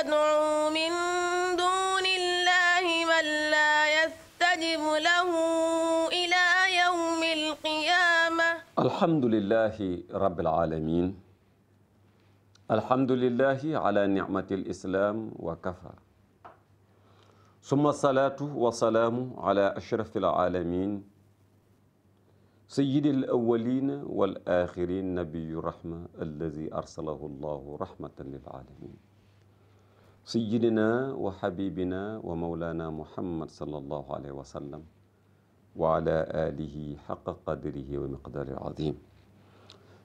تدعو من دون الله من لا يستجب له إلى يوم القيامة الحمد لله رب العالمين الحمد لله على نعمة الإسلام وكفى ثم الصلاة والسلام على أشرف العالمين سيد الأولين والآخرين نبي الرحمة الذي أرسله الله رحمة للعالمين sayyidina wa xabibina wa mawlana muhammad sallallahu alayhi wa sallam wa ala alihi xaqa qadrihi wa miqdaari azim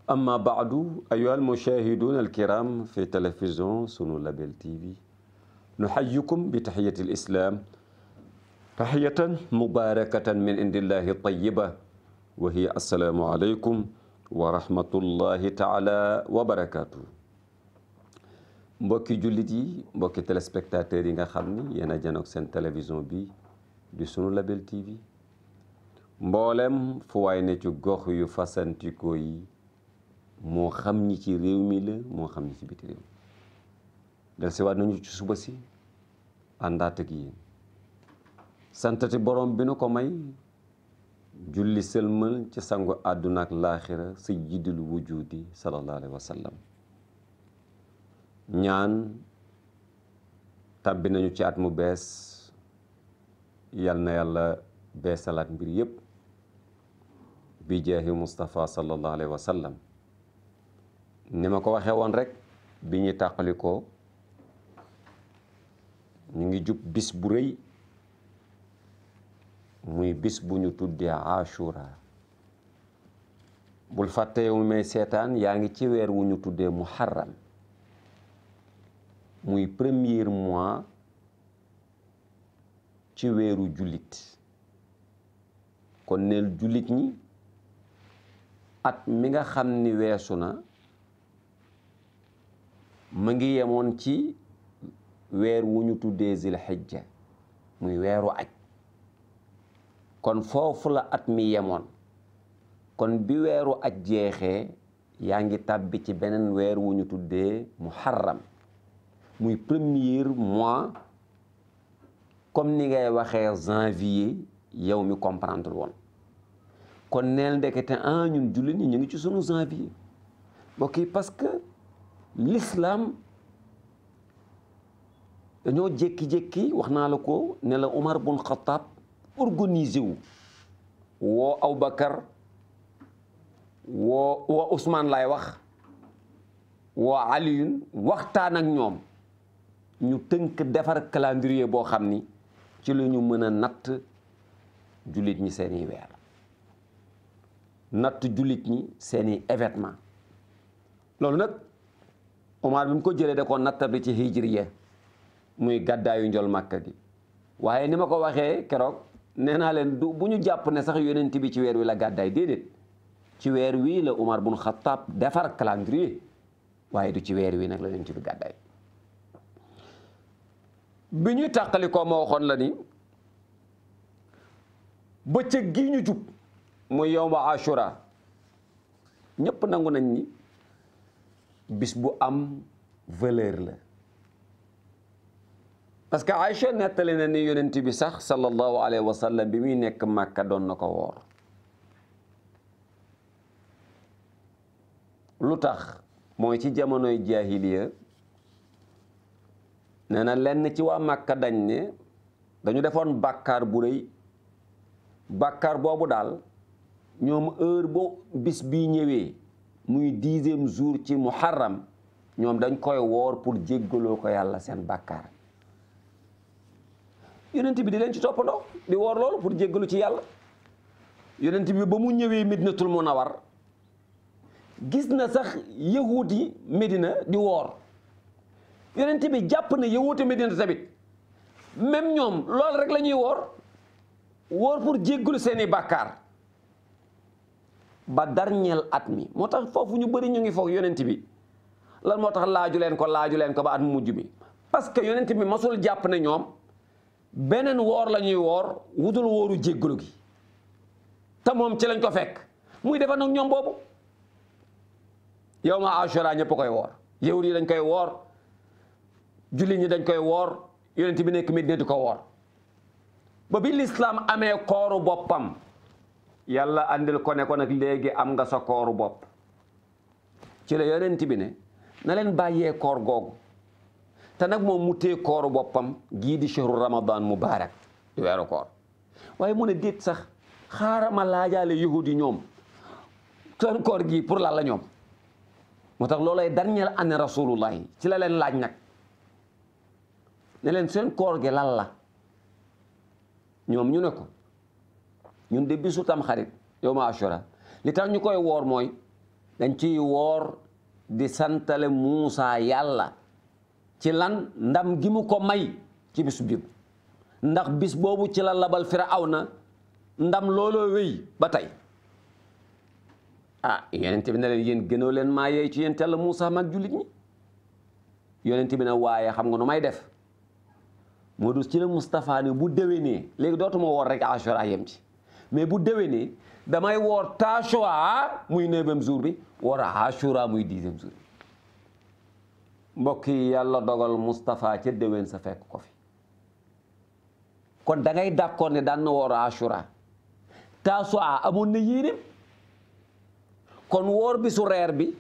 amma baadu ayuha almushahiduna alkiram fi télévision sunu label tv nuxayikum bi taxiyati alislam taxiyatan mubarakatan min indillahi tayiba wa hiya assalaamu alaykum wa rahmatullahi taala wa barakatuh mbokki jullit yi mbokki téléspectateurs yi nga xam ni yéen a janoog seen télévision bi di sunu label TV mboolem fu waay ne ci gox yu fasantikoo yi moo xam ñi ci réew mi la moo xam ñi ci biti réew del si waat nañu ci suba si àndaat ak yéen santati borom bi nu ko may julli sëlmal ci sangu àdduna ak laaxira sa jiddul wujudi sallallahu alayhi ñaan tàbbi nañu ci at mu bees yal na yàlla beesalaat mbir yépp bi jaahi Mustafa sallallahu alayhi wa ma ko waxee woon rek bi ñuy tàqalikoo ñu ngi jub bis bu rëy muy bis bu ñu tuddee Ashura bul fàtte yow may seetaan yaa ngi ci weer wu ñu tuddee mu Muharram muy premier mois ci weeru jullit kon neel jullit ñi at mi nga xam ni weesu na mu ngi yemoon ci weer wu ñu tuddee zil xijja muy weeru aj kon foofu la at mi yemoon kon bi weeru aj jeexe yaa ngi tàbbi ci beneen weer wu ñu tuddee muharram muy premier mois comme ni ngay waxee janvier yow mi comprendre woon kon neel ndekete ah ñun jullit ñi ñu ngi ci sunu janvier mbokk yi parce que l'islam dañoo jékki-jékki wax naa la ko ne la Omar bun Khattab organisé wu woo Aboubacar woo woo Ousmane laay wax woo Aliyun waxtaan ak ñoom ñu tënk defar calendrier boo xam ni ci lu ñu mën a natt jullit ñi seeni weer natt jullit ñi seeni événement loolu nag Omar bi ko jële da ko bi ci hijriya muy gàddaayu njol màkka gi waaye ni ma ko waxee keroog nee naa leen du bu ñu jàpp ne sax yonent bi ci weer wi la gàddaay déedéet ci weer wii la Omar xa Xattaab defar calendrier waaye du ci weer wi nag la yonent bi gàddaay bi ñuy tàqalikoo ma waxoon la ni bëccëg gi ñu jub muy yowma ashura ñëpp nangu nañ ni bis bu am valeur la parce que Aïcha nettali na ni yonent bi sax sallallahu alayhi wa bi muy nekk Màkka doon na ko woor lu tax mooy ci jamonoy jaahiliya nee na lenn ci waa Màkka dañ ne dañu defoon bakkaar bu rëy bàkkaar boobu daal ñoom heure boo bis bii ñëwee muy dixième jour ci muharram ñoom dañ koy woor pour jéggaloo ko yàlla seen bàkkaar yonent bi di leen ci toppandoo di woor lool pour jéggalu ci yàlla yonent bi ba mu ñëwee Medinatul Munawwar gis na sax yahuut yi Medina di woor yonent bi jàpp na yawuute Medina tamit même ñoom loolu rek la ñuy woor woor pour jéggulu seeni bakkaar ba darñeel at mi moo tax foofu ñu bëri ñu ngi foog yonent bi lan moo tax laaju leen ko laaju leen ko ba at mu mujj mi parce que yonent bi masul jàpp ne ñoom beneen woor la ñuy woor wudul wooru jéggulu gi te moom ci lañ ko fekk muy defar nag ñoom boobu yow ma Ashura ñëpp koy woor yawut yi dañ koy woor julli ñi dañ koy woor yonent bi nekk Medina di ko woor ba bi lislaam amee kooru boppam yàlla andil ko ne ko nag léegi am nga sa kooru bopp ci la yonent bi na leen bàyyee koor googu te nag moom mu tee kooru boppam gii di shahru ramadan mubarak di weeru koor waaye mu ne déet sax xaarama laajaale yahudi ñoom seen koor gii pour lan la ñoom mo tax loolay dernière année rasulullahi ci la leen laaj nag ne seen koor gi lan la ñoom ñu ne ko ñun de bisu tam xarit yow ma ashura li tax ñu koy woor mooy dañ ci woor di santale Muusa yàlla ci lan ndam gi mu ko may ci bisu biir ndax bis boobu ci la labal na ndam looloo wéy ba tey ah yonent bi ne leen yéen gënoo leen maa yeey ci yéen tell Muusa mag jullit ñi bi ne waaye xam nga nu may def moo dus ci la Moustapha ne bu déwénee léegi dootuma woor rek Ashura yem ci mais bu déwénee damay woor Tashua muy neuvième jour bi woor Ashura muy dixième jour bi mbokk yi yàlla dogal Moustapha ca sa fekk ko fi kon da ngay d'accord ne daan na woor Ashura Tashua amoon na yéenéem kon woor bisu reer bi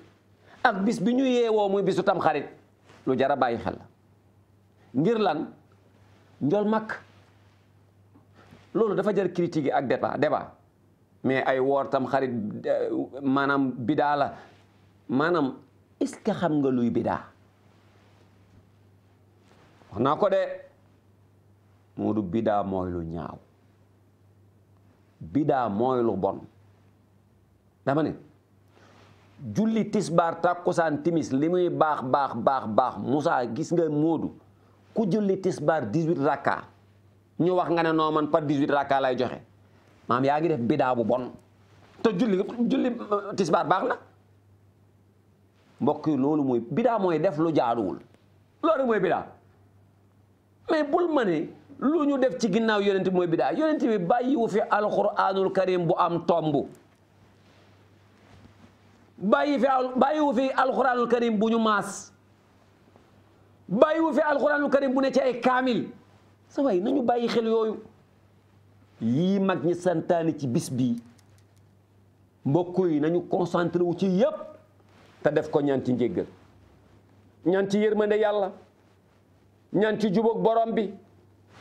ak bis bi ñu yeewoo muy bisu tamxarit lu jar a bàyyi xel ngir lan njool mag loolu dafa jar critique yi ak débat débat mais ay woor tam xarit euh, maanaam bidaa la maanaam est-ce xam nga luy bidaa wax naa ko de moo du bidaa mooy lu ñaaw bidaa mooy bon dama ne julli tisbaar tàkkusaan timis li muy baax baax baax baax musaa gis nga Moodu ku julli tisbaar 18 rakka ñu wax nga ne noo man par 18 rakka lay joxe maam yaa ngi def bidaa bu bon te julli euh, tisbaar baax na mbokk yi loolu mooy bidaa mooy def lu jaaduwul loolu mooy bidaa mais bul ma ne lu ñu def ci ginnaaw yonent bi mooy bidaa yonent bi bàyyiwu fi alquranul karim bu am tomb bàyyi fi bàyyiwu fi alquranul karim bu ñu maas bàyyiwu fi alxuraanul karim bu ne ci ay kaamil sa waay nañu bàyyi xel yooyu yii mag ñi santaane ci bis bii mbokk yi nañu concentré wu ci yépp te def ko ñaan ci njéggal ñaan ci yërmande yàlla ñaan ci jubóog borom bi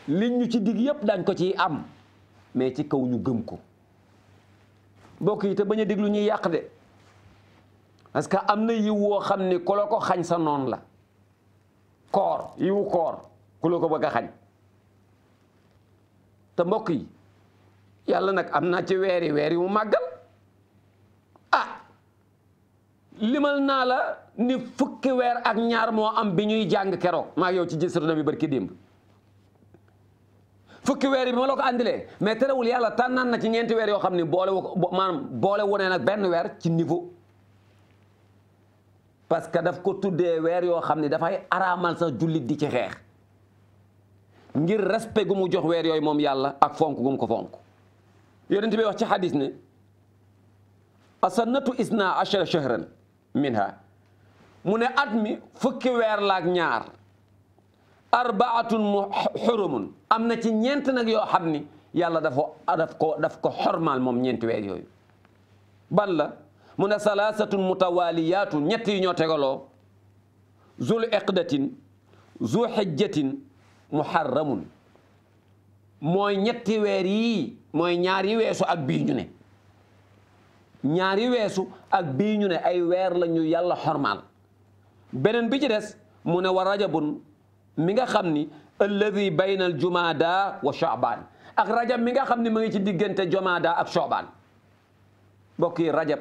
liñ ñu ci digg yépp daañ ko ci am mais ci kaw ñu gëm ko mbokk yi te bañ a diglu ñuy yàq de parce que am na yiw woo xam ne ku ko xañ sa noon la koor yiwu koor ku la ko bëgg a xañ mbokk yi yàlla nag am na ci weeri weer wu mu màggal ah limal naa la ni fukki weer ak ñaar moo am bi ñuy jàng keroog maa yow ci gis na bi barki démb fukki weer yi bi ma la ko àndilee mais terewul yàlla tànnaan na ci ñeenti weer yoo xam ne boole wu maanaam boole wu ne benn weer ci niveau parce que daf ko tudde weer yoo xam ne dafay araamal sax jullit di ci xeex ngir respect gu mu jox weer yooyu moom yàlla ak fonk gu ko fonk yonent bi wax ci xadis ne asannatu isna achara shahran minha mu ne at mi fukki weer laak ñaar arbaatun mu xurumun am na ci ñeent nag yoo xam ni yàlla dafa daf ko daf ko weer yooyu ban mu ne salaasatun mutawaaliyaatu ñett yi ñoo tegaloo zul iqdatin zu xijjatin muharramun mooy ñetti weer mooy ñaari weesu ak bii ne ñaari weesu ak bii ñu ne ay weer lañu ñu yàlla xormaal beneen bi ci des mu ne wa rajabun mi nga xam ni alladi bayna al jumaada wa chaabaan ak rajab mi nga xam ni ma ngi ci diggante jumaada ak chaabaan mbokk yi rajab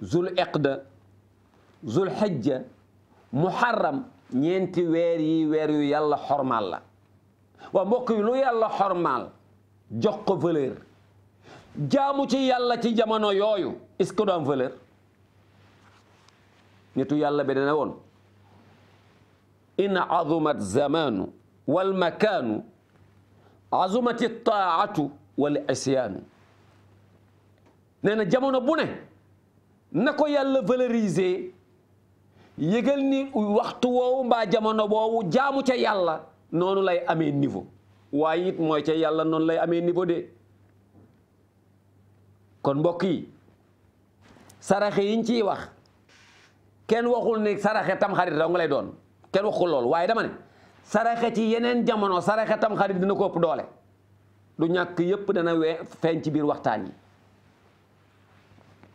zul iqda zul hijja muharram ñeenti weer yi weer yu yàlla xormaal la waa mbokk yi lu yàlla xormaal jox ko valeur jaamu ci yàlla ci jamono yooyu est-ce que du am valeur nitu yàlla bi dana woon in azumat zamanu wal makaanu azumati taatu wal isyaanu nee na jamono bu ne na ko yàlla valoriser yëgal ni waxtu woowu mbaa jamono boobu jaamu ca yàlla noonu lay amee niveau waaye it mooy ca yàlla noonu lay amee niveau de kon mbokk yi saraxe yiñ ciy wax kenn waxul ne saraxe tam xarit dong lay doon kenn waxul lool waaye dama ne saraxe ci yeneen jamono saraxe tam xarit dina ko doole du ñàkk yépp dana wee ci biir waxtaan yi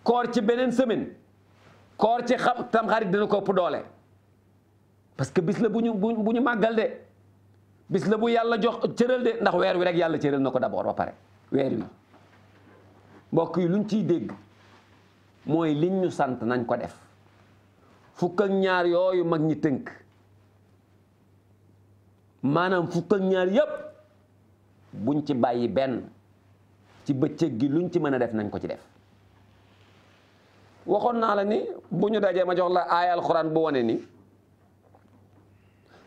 koor ci beneen semaine koor ci xam tamxarit dina ko doole parce que bis la bu ñu bu de bis la bu yàlla jox cëral de ndax weer wi rek yàlla cëral na ko d'abord ba pare weer wi mbokk yi luñ ciy dégg mooy liñ ñu sant nañ ko def fukk ak ñaar yooyu mag ñi tënk maanaam fukk ak ñaar yépp buñ ci bàyyi benn ci bëccëg gi luñ ci mën a def nañ ko ci def waxoon naa la ni bu ñu dajee ma jox la aaya alxuraan bu wane ni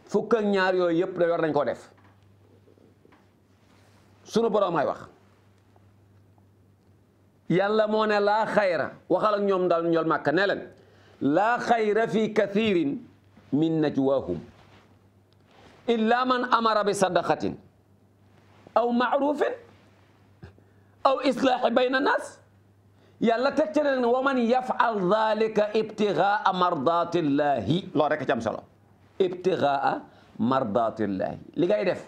fukk ñaar yooyu yëpp da war nañ koo def sunu borom ay wax yàlla moone laa xayra waxal ñoom daal ñool màkk ne leen laa xayra fi kathirin min najwaahum illa man amara bi sadaqatin aw maarufin aw islaaxi bayna naas yàlla teg ci ne wa man yafal dalika ibtigaa mardatillahi loolu rek ci am solo ibtigaa mardatillahi li ngay def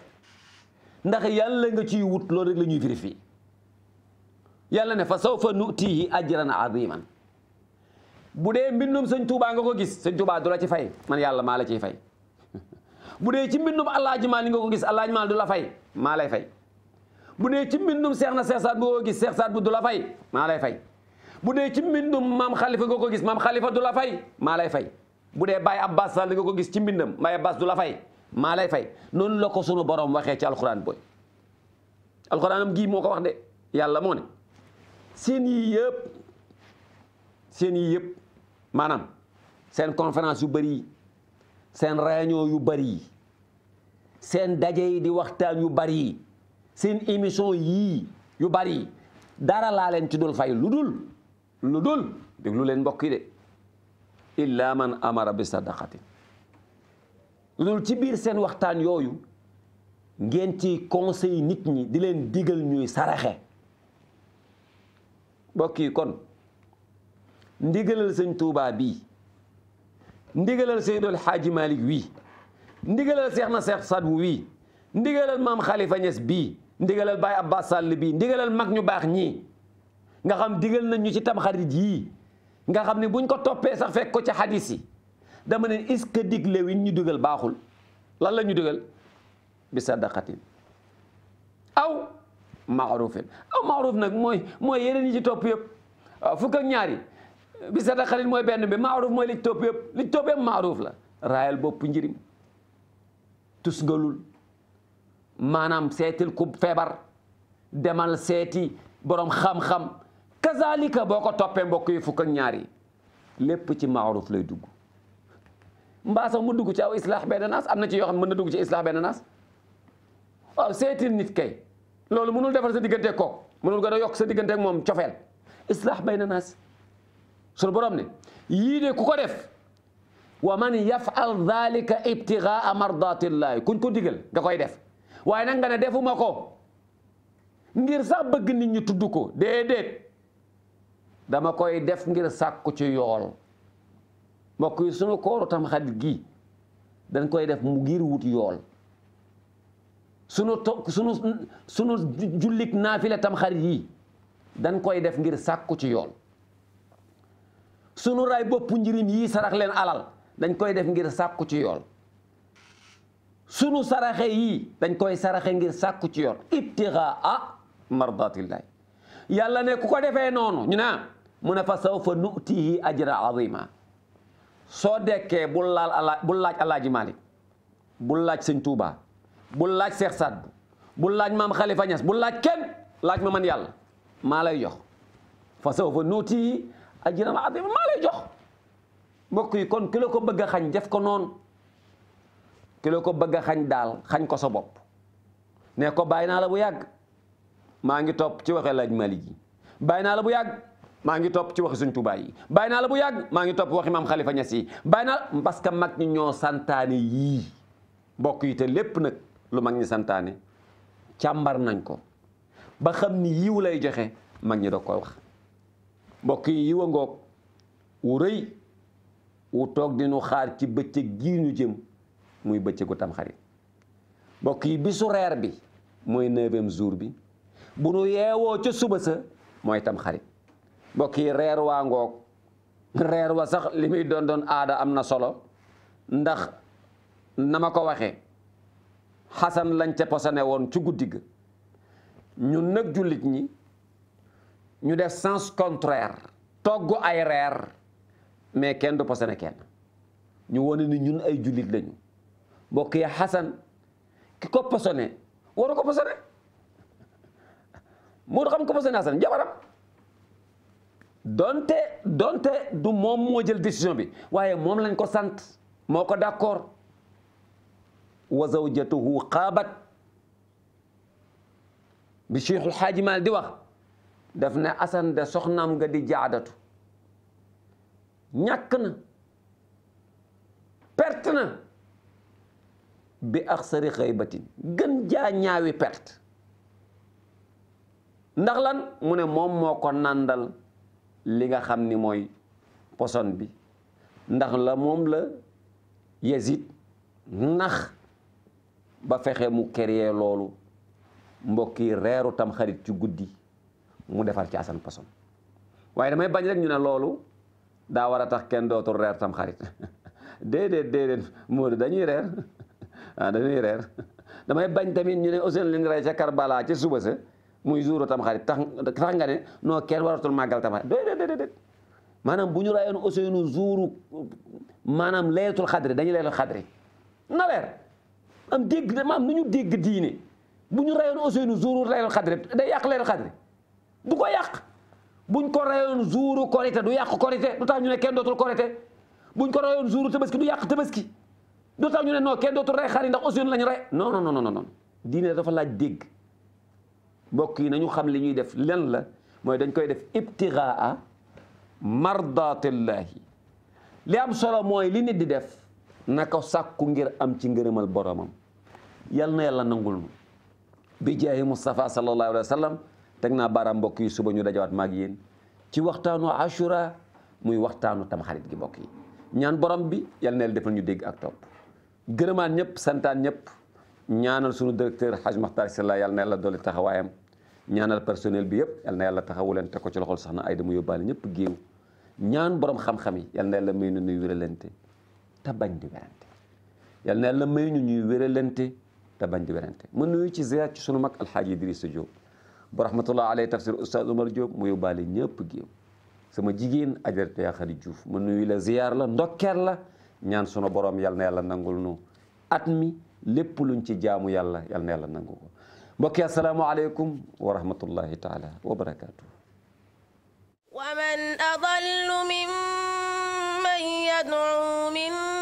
ndax yàlla nga ci wut loolu rek la ñuy vérifier yàlla ne fa sawfa nutihi ajran aziman bu dee mbindum sëñ Tuubaa nga ko gis sëñ Tuubaa du ci fay man yàlla maa la ciy fay bu dee ci mbindum Alaaji Maal li nga ko gis Alaaji Maal du la fay maa lay fay bu dee ci mbindum seex na seex saat bu nga ko fay maa lay fay bu dee ci mbindum maam xalifa nga ko gis maam xalifa du la fay maa lay fay bu dee Baye Abbas Sall nga ko gis ci mbindam Baye Abbas du fay maa lay fay noonu la ko sunu borom waxee ci alxuraan booy alxuraanam gii moo ko wax de yàlla moo ne seen yii yëpp seen yii yëpp maanaam seen conférence yu bëri seen réunion yu bëri yi seen daje yi di waxtaan yu bari seen émission yii yu bëri yi dara laa leen ci dul fay lu dul lu dul déglu leen mbokk yi de illa man amara bi sadaqatin lu dul ci biir seen waxtaan yooyu ngeen ci conseil nit ñi di leen digal ñuy saraxe mbokk yi kon ndigalal sëñ Tuubaa bii ndigalal Seydul Xaaji Malik wii ndigalal Seex na Seex Sadbu wii ndigalal maam Xalifa Ñas bii ndigalal Baay Abbas Sall bii ndigalal mag ñu baax ñii nga xam diggal na ñu ci tamxarit yii nga xam ne buñ ko toppee sax fekk ko ci xadis yi dama ne est-ce que wi ñu dugal baaxul lan la ñu dugal bi sadaqatin aw ma aw maaruf nag mooy mooy yeneen yi ci topp yëpp fukk ñaari bi sadaqatin mooy benn ma maaruf mooy li ci topp yëpp li ci topp yëpp maaruf la raayal boppu njëriñ tusngalul maanaam seetil ku feebar demal seeti borom xam-xam kazalika boo ko toppee mbokk yi fukk ak ñaar yi lépp ci maaruf lay dugg mbaa sax dugg ci aw islaax benn naas am na ci yoo xam ne mën na dugg ci islaax benn naas waaw seetil nit kay loolu mënul defar sa diggante ko mënul gën a yokk sa diggante moom cofeel islaax bayna naas sunu borom ne yii de ku ko def wa man yafal dalika ibtigaa mardatillahi kuñ ko digal nga koy def waaye nag nga ne defuma ko ngir sax bëgg nit ñi tudd ko déedéet dama koy def ngir sàkku ci yool mbokk yi sunu kooru tamxarit gi dañ koy def mu ngir wut yool sunu to sunu jullik naafila tamxarit yi dañ koy def ngir sàkku ci yool sunu ray boppu njirim yi sarax leen alal dañ koy def ngir sàkku ci yool sunu saraxe yi dañ koy saraxe ngir sàkku ci yool ibtigaa mardatillahi yàlla ne ku ko defee noonu ñu mu ne fa sawfa nutihi ajra azima soo dekkee bul laal ala bul laaj alaaji Malick bul laaj sëñ Touba bul laaj Seex sadd bul laaj maam Khalifa Niass bul laaj kenn laaj ma man yàlla maa lay jox fa sawfa nutihi ajran azima maa lay jox mbokk yi kon ki ko bëgg xañ def ko noonu ki ko bëgg a xañ daal xañ ko sa bopp ne ko bàyyi naa la bu yàgg maa ngi topp ci waxee laaj Malick yi bàyyi naa la bu yàgg maa ngi topp ci waxi Sëñ Tuubaa yi bàyyi naa la bu yàgg maa ngi topp waxi maam Xalifa Ñas yi bàyyi naa mag ñi ñoo santaane yii bokk yi te lépp nag lu mag ñi santaane càmbar nañ ko ba xam ni yiw lay joxe mag ñi doog koy wax mbokk yi yiw a ngoog wu rëy wu toog di nu xaar ci bëccëg gii ñu jëm muy bëccëgu tamxarit mbokk yi bisu reer bi mooy neuvième jour bi bu nu yeewoo ca suba sa mooy tamxarit mbokk yi reer waa ngoog reer wa sax li muy doon doon aada am na solo ndax nama ko waxee xasan lañ ca posane woon ci guddi ñun nag jullit ñi ñu def sens contraire togg ay reer mais kenn du posane kenn ñu wane ni ñun ay jullit lañu mbokk yi xasan ki ko waru ko posone moo xam ko posone xasan jabaram donte du moom moo jël décision bi waaye moom lañ ko sant moo ko d'accord wa zawjatuhu xaabat bi Cheikh El Hadji Mal di wax daf ne Assane de soxnaam nga di jaadatu ñàkk na perte na bi aksari xaybatin gën jaa ñaawi pert ndax lan mu ne moom moo ko nàndal li nga xam ni mooy poson bi ndax la moom la Yazid nax ba fexe mu créer loolu mbokki reeru tam xarit ci guddi mu defar ci asan poson waaye damay bañ rek ñu ne loolu daa war a tax kenn dootul reer tam xarit déedéet déedéet Modou dañuy reer ah dañuy reer damay bañ tamit ñu ne Ousseynou li ñu rey ca Karbala ca suba sa muy jour tamxarit tax tax nga ne noo kenn waratul màggal tamxarit déedéet de maanaam bu ñu rayoon Ousseynou jouru maanaam layatul xadri dañu layatul xadri na leer am dégg maam nu ñu dégg diine bu ñu rayoon Ousseynou jouru layatul xadri day yàq layatul xadri du ko bu buñ ko rayoon jouru korité du yàq korité du tax ñu ne kenn dootul korité buñ ko rayoon jouru tabaski du yàq tabaski du tax ñu ne non kenn dootul rey xar yi ndax Ousseynou lañu rey non no non non non diine dafa laaj dégg mbokk yi nañu xam li ñuy def len la mooy dañ koy def ibtigaa mardatillahi li am solo mooy li nit di def na ko sàkku ngir am ci ngërëmal boromam yal na yàlla nangul nu bi jaahi Mustafa sallallahu alayhi wa sallam teg naa baaraam mbokk yi suba ñu dajawaat maag yéen ci waxtaanu ashura muy waxtaanu tamxarit gi mbokk yi ñaan borom bi yal na yàlla defal ñu dégg ak topp gërëmaan ñëpp santaan ñëpp ñaanal sunu directeur Hadj Makhtar Sylla yàlla na yàlla dolli taxawaayam ñaanal personnel bi yëpp yàlla na yàlla taxawu leen teg ko ci sax na ay dama yóbbaale ñëpp géew ñaan borom xam-xam yi yàlla na yàlla may nu ñuy wéralante te bañ di werante yàlla na yàlla may nu ñuy wéralante te bañ di werante mën nuyu ci ziar ci sunu mag alxaaji Idrissa Diop ba rahmatullah alayhi tafsir oustaz Omar Diop mu yóbbaale ñëpp géew sama jigéen ajaratu yaa xari Diouf mën nuyu la ziar la ndokkeel la ñaan sunu borom yàlla na yàlla nangul lépp luñ ci jaamu yàlla yal na yàlla nangu ko mbokki asalaamaaleykum wa rahmatullahi taala wa barakaatu. wa man adallu mimman yad'u min